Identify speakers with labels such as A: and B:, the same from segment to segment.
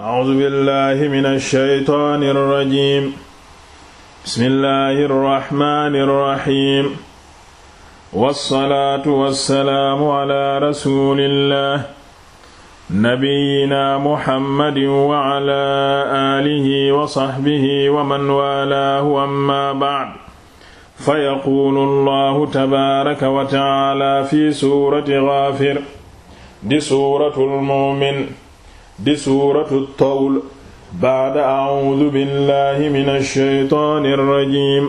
A: A'uuzu billaahi mina shaytaani rajiim. Bismillaahi rahmaani rahiim. Wassalaatu wassalaamu alaa rasuulillaah. Nabiyyinaa Muhammadin wa alaa aalihi wa sahbihi wa man waalaahu ammaa ba'd. Fayaquulu Allaahu tabaaraka wa ta'aalaa fi suurati Ghaafir, di suuratul mu'min. di suuratu tawl baada acuudu billahi min alsheytaani alrajim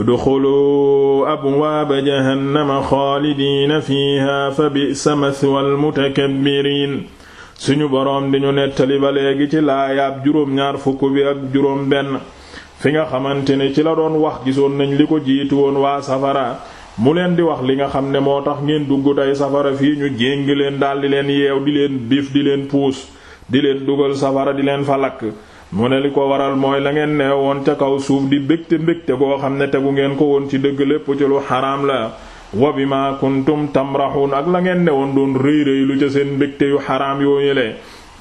A: udxuluu abwaaba jahannama xaalidiina fiiha fa bisa mathwa almutakabbiriin suñu boroom di ñu nettali ba léegi ci laayaab juróom-ñaar fukk bi ak juróom benn fi nga xamante ne ci la doon wax gisoon nañ li ko jiitu woon waa safara mu leen di wax li nga xam ne moo tax ngeen dugg tey safara fii ñu jéng leen daldi leen yeew di leen biif di leen puus di leen dugal safara di leen fa lakk mu ne li ko waral mooy la ngeen nee woon ca kaw suuf di mbégte mbégte goo xam ne tegu ngeen ko woon ci dëgg lépp ci lu xaram la wa bima kuntum tamrahun ak la ngeen ne woon doon rëy rëy lu ca seen mbégte yu xaraam yoo yëlee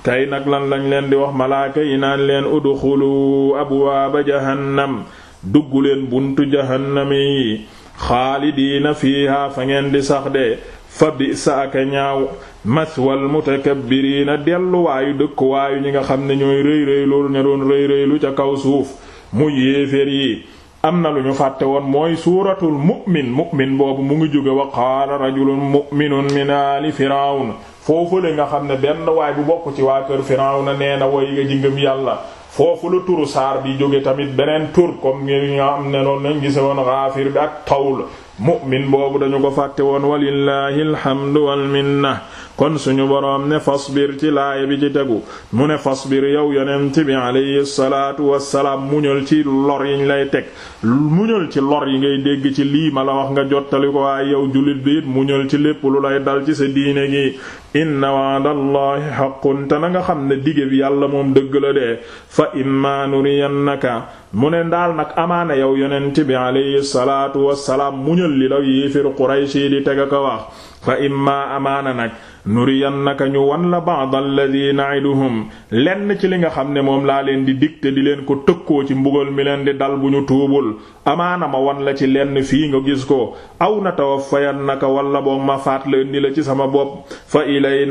A: tey nag lan lañ leen di wax malaaka yi naan leen udxulu abwaaba jahannam dugg leen buntu jahannami yi xaalidiina fiiha fa ngeen di sax de fa bi saaka ñaaw maswal mutakabbiriina delluwaayu dëkkuwaayu ñi nga xam ne ñooy rëy rëy loolu ña doon rëy rëylu ca kaw suuf mu yéeféer yi am na lu ñu fàtte woon mooy suuratul mu'min mu'min boobu mu ngi jóge wa qaala rajulun mu'minun min aali firawna foofu la nga xam ne benn waay bu bokk ci waa kër firawna nee na way nga jingam yàlla foofu la turu saar bi jóge tamit beneen tur comme ngi nga am ne noonu nañ gise woon xaafir bi ak tawl mu'min boobu dañu ko fàtte woon walillahi alhamdu wal minna kon suñu boroom ne biir ci laaya bi ci tegu mu ne biir yow yonent bi alayhi salaatu wassalaam muñal ci lor yiñ lay teg muñal ci lor yi ngay dégg ci lii ma la wax nga jottali ko waaye yow jullit bi it muñal ci lépp lu lay dal ci sa diine gi inna wa'dallahi haqqun te na nga xam ne dige yàlla moom dëgg la dee fa imma nuriyannaka mu ne daal nag amaane yow yonent bi alayhi salaatu wassalaam muñal li la yéeféer Quraysh di teg a ko waa fa imma amaana nag nuriyannaka ñu wan la ba'd alladhi na'iduhum lenn ci li nga xam ne moom laa leen di digte di leen ko tëkkoo ci mbugal mi leen di dal bu ñu tuubul amaana ma wan la ci lenn fii nga gis ko aw na natawaffayannaka walla boog ma faat la indi la ci sama bopp fa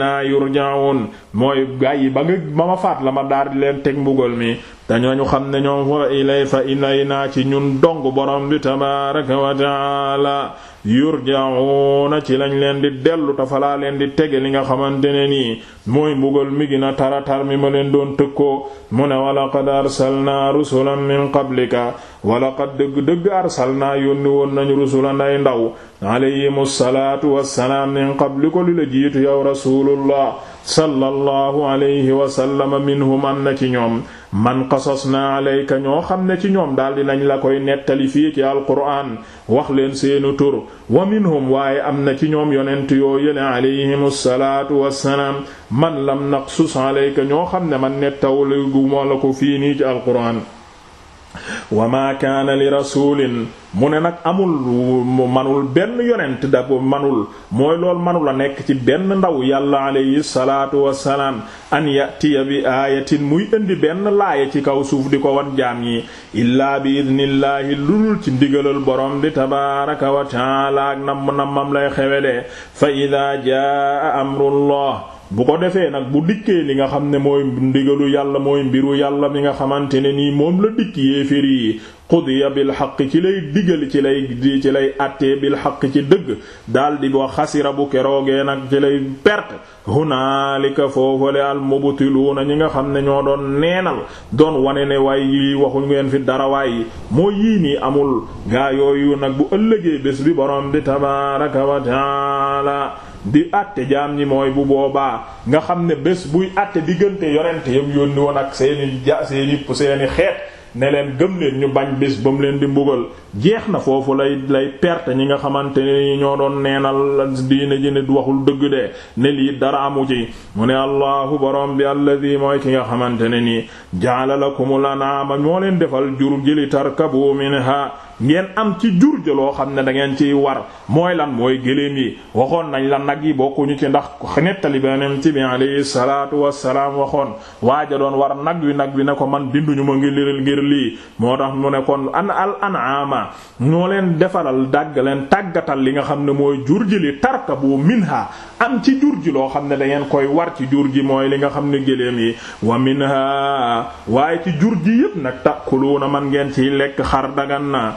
A: naa yurja'un mooy gàyyi ba ba ma faat la ma daal leen teg mbugal mi dañu xam ne ñoom fa ilay fa ilaynaa ci ñun dong borom bi tabaaraka wa ci lañ leen di dellu ta fa leen di tege li nga xamante ne nii mooy mbugal mi gina taratar mi ma leen doon tëkkoo mu ne walaqad arsalnaa rusulan min qablika walaqad dëgg-dëgg arsalnaa yónni woon nañu rusulan ay ndaw alayhimu salaatu wassalaam min qablika li la jiitu yow rasulullah sallallahu alayhi wa sallama minhum am na ci ñoom man qasasnaa alayka ñoo xam ne ci ñoom daldi nañ la koy nettali fii ci alquraan wax leen seenu tur wa minhum waaye am na ci ñoom yonent yoo yële alayhim salaatu wassalaam man lam naqsus alayka ñoo xam ne man nettawul gu moo la ko fii nii ci alquraan wa ma kaana li rasulin mu ne nag amul manul benn yonent da ko manul mooy lool manul a nekk ci benn ndaw yàlla alayhi salaatu wassalaam an yatiya bi aayatin muy indi benn laaya ci kaw suuf di ko wan jaam yi illaa bi idnillaahi lulul ci ndigalal borom bi tabaaraka wa taala ak nammam lay xewedee fa idaa jaa amrullah bu ko defee nag bu dikkee li nga xam ne mooy ndigalu yàlla mooy mbiru yàlla mi nga xamante ne nii moom la dikk yéefér yi qudiya bil xaq ci lay digal ci lay ci lay àttee bil xaq ci dëgg daldi wa xasira bu keroogee nag ci lay perte hunaalika foofale al mubtiluuna ñi nga xam ne ñoo doon neenal doon wane ne waay yi waxuñ ngeen fi dara waay mooy yii nii amul gaa yooyu nag bu ëllëgee bés bi borom bi tabaaraka wa taala di àtte jaam ñi mooy bu boobaa nga xam ne bés buy àtte diggante yonent yam yónni woon ak seeni ja seeni seeni xeet ne leen gëm leen ñu bañ bés ba leen di mbugal jeex na foofu lay lay perte ñi nga xamante ne ñoo doon neenal diine ji ne waxul dëgg de ne lii dara amu ci mu ne allahu borom bi alladi mooy ki nga xamante ne nii jaala lakumul anaama moo leen defal jur jëli tarkabu minha ngeen am ci jur ja loo xam ne da ngeen ciy war mooy lan mooy gëléem yi waxoon nañ la nag yi bokkuñu ci ndax nettali beneen ci bi alayhi salaatu wassalaam waxoon waaja doon war nag wi nag wi ne ko man dinduñu ma ngi liral ngir lii moo tax mu ne kon an al an'ama ñoo leen defaral dàgg leen tàggatal li nga xam ne mooy jur ji li tarkabu minha am ci jur ji loo xam ne dangeen koy war ci jur ji mooy li nga xam ne gëléem yi wa minha waaye ci jur ji yépp nag takkuluna man ngeen ciy lekk xar dagan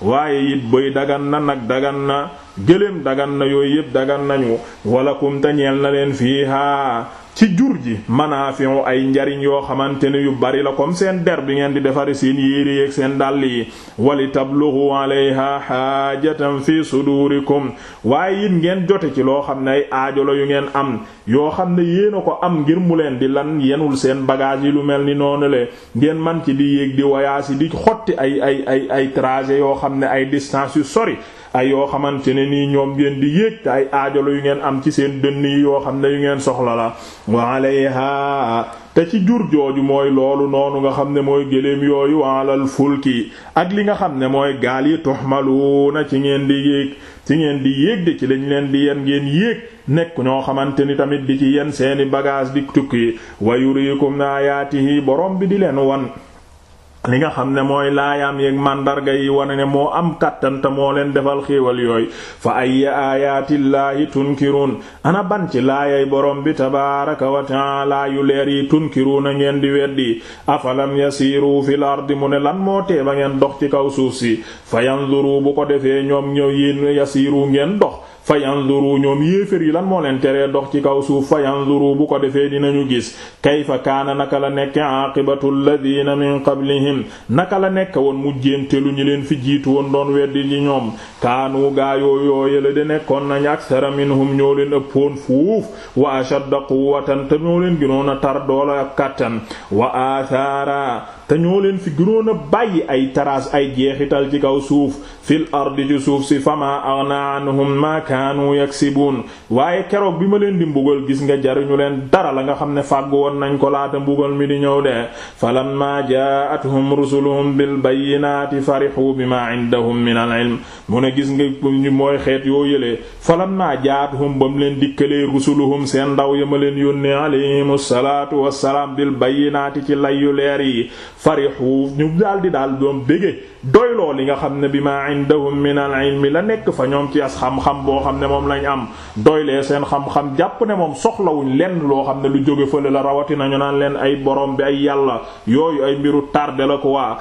A: waaye it bëy dagan na nag dagan na gëléem dagan na yooyu yëpp dagan nañu wala te ñeel na leen fiihaa ci jur ji manaafi'u ay njariñ yoo xamante ne yu bari la koom seen der bi ngeen di defare seen yéere yeeg seen dàll yi wali tablughu alayha jatam fi sudurikum waaye it ngeen jote ci loo xam ne ay aajo yu ngeen am yoo xam ne yéena ko am ngir mu leen di lan yenul seen bagage yi lu mel ni noonu le ngeen man ci di yéeg di wayaasi di xotti ay ay ay ay trajet yoo xam ne ay distance yu sori ay yoo xamante ne nii ñoom ngeen di yéeg te ay aajolo yu ngeen am ci seen dënn yi yoo xam ne yu ngeen soxla la wa alayha te ci jur jooju mooy loolu noonu nga xam ne mooy gëléem yooyu waalal fulki ak li nga xam ne mooy gaal yi na ci ngeen di yéeg ci ngeen di yéeg de ci lañ leen di yen ngeen yéeg nekk ñoo xamante ni tamit di ci yen seeni bagage di tukki naa yuriikum ayaatihi borom bi di leen wan li nga xam ne mooy laayaam yeeg màndarga yi wane ne moo am kàttanta moo leen defal xéewal yooy fa ay aayaatillaahi tunkiruun ana ban ci laayay borom bi tabaaraka wa ta'aala yu leer yi tunkiruun a ngeen di weddi afalam yasiiru fil ardi mu ne lan moo tee ba ngeen dox ci kaw suuf si fa yanzuru bu ko defee ñoom ñëw yéen yasiiru ngeen dox fa yanzuru ñoom yéefér yi lan moo leen teree dox ci kaw suuf fa yanzuru bu ko defee dinañu gis kayfa kaana naka la nekk aqibatu alladina min qablihim naka la nekk woon mujjéente lu ñu leen fi jiitu woon doon weddi ji ñoom kaanu gaayoo la de nekkoon na nañ aksara minhum ñoo leen ëppoon fuuf wa ashadda quwwatan te ñoo leen ginoon a tar doola ak kàttan wa athara te ñoo leen fi gënoon a bàyyi ay traces ay jeexital ci kaw suuf fil ardi ci suuf si fama aghna anhum ma kaanu yaksibun waaye keroog bi ma leen di mbugal gis nga jariñu leen dara la nga xam ne fàgg woon nañ ko laata mbugal mi di ñëw de falamma jaa'athum rusuluhum bil bayyinaati farihu bima indahum min al ilm mu ne gis nga mooy xeet yoo yëlee falamma jaa'athum bam leen dikkalee rusuluhum seen ndaw ya ma leen yónnee alayhimu salaatu wassalaam bil bayyinaati ci layu leer yi farihu ñu daal di daal doom bégee doyloo li nga xam ne bi ma indahum min al ilmi la nekk fa ñoom ci as xam-xam boo xam ne moom lañ am doylee seen xam-xam jàpp ne moom soxlawuñ lenn loo xam ne lu jóge fële la rawati nañu naan leen ay borom bi ay yàlla yooyu ay mbiru tardé la ko waa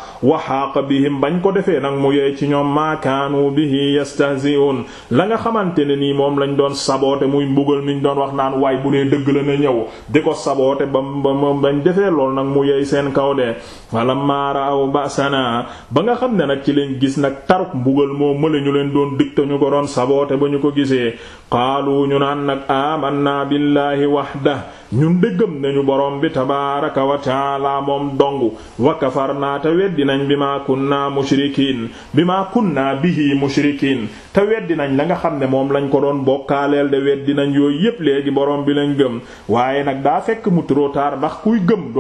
A: bi bihim bañ ko defee nag mu yey ci ñoom maakaanu bihi yastahzi'un la nga xamante ne nii moom lañ doon saboote muy mbugal miñ doon wax naan waay bu dee dëgg la na ñëw di ko saboote ba ba bañ defee lool nag mu seen kaw de falammaa ra'aw ba'sanaa ba nga xam ne nag ci leen gis nag taruk mbugal moo mële ñu leen doon dig te ñu ko doon saboote ba ñu ko gisee qaalu ñu naan nag aamannaa billaahi wahda ñun dëggam nañu borom bi tabaaraka wa taala moom dong wa kafarnaa te weddi nañ bi maa kunnaa mushrikiin bi maa kunnaa bihi mushrikiin te weddi nañ la nga xam ne moom lañ ko doon bokkaaleel de weddi nañ yooyu yépp léegi borom bi lañ gëm waaye nag daa fekk mu trop ndax kuy gëm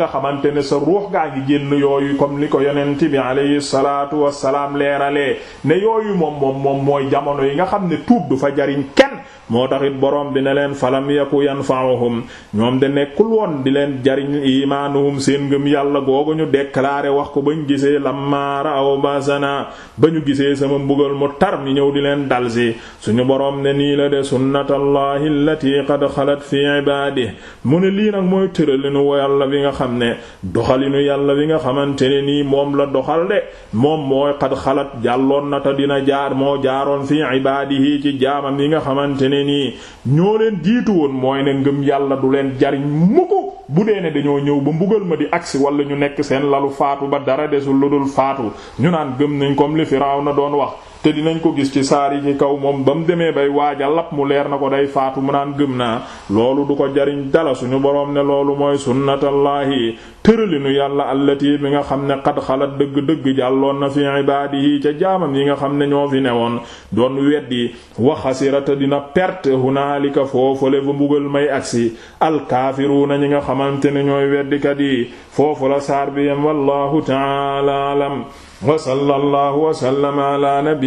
A: nga xamante ne sa ruux gaa ngi génn yooyu comme ni ko yonent bi alayhi salaatu wassalaam leeralee ne yooyu moom moom moom mooy jamono yi nga xam ne tuub du fa jariñ moo taxit borom bi ne leen falam yaku yanfa'uhum ñoom de nekkul woon di leen jariñ imaanuhum seen ngëm yàlla googu ñu déclaré wax ko ba bañ gisee lamma ra'aw basana ba ñu gisee sama mbugal mu tar mi ñëw di leen dal si suñu boroom ne nii la de sunnatallahi allati qad xalat fi ibadihi mu ne lii nag mooy tëralinu yàlla bi nga xam ne doxalinu yàlla bi nga xamante ne nii moom la doxal de moom mooy qad xalat jàlloon na ta dina jaar moo jaaroon fi ibadihi ne nii ñoo leen jiitu woon mooy ne ngëm yàlla du leen jariñ mukk bu dee ne dañoo ñëw ba mbugal ma di agsi wala ñu nekk seen lalu faatu ba dara desul lu dul faatu ñu naan gëm nañ comme li na doon wax te dinañ ko gis ci saar yi ci kaw moom ba mu demee bay waaj a lap mu leer na ko day faatu mu naan gëm naa loolu du ko jariñ dala suñu boroom ne loolu mooy sunnatallahi tëralinu yàlla ti bi nga xam ne xat xalat dëgg-dëgg jàlloon na fi ibaadihi ca jaamam yi nga xam ne ñoo fi newoon doon weddi waxasirata dina perte hunaalika foofale fa mbugal may agsi na ñi nga xamante ne ñooy weddikat yi foofu la saar bi yam wallahu taala wa